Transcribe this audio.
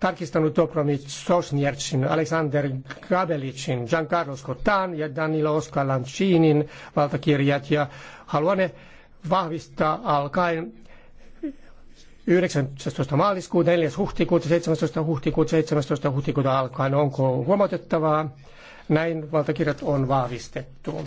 tarkistanut Dobromit Sosnjertsin, Alexander Gabelicin, Giancarlo Scottan ja Danilo Oskalancinin valtakirjat ja haluan ne vahvistaa alkaen 19. maaliskuuta, 4. huhtikuuta, 17. huhtikuuta, 17. huhtikuuta alkaen. Onko huomautettavaa? Näin valtakirjat on vahvistettu.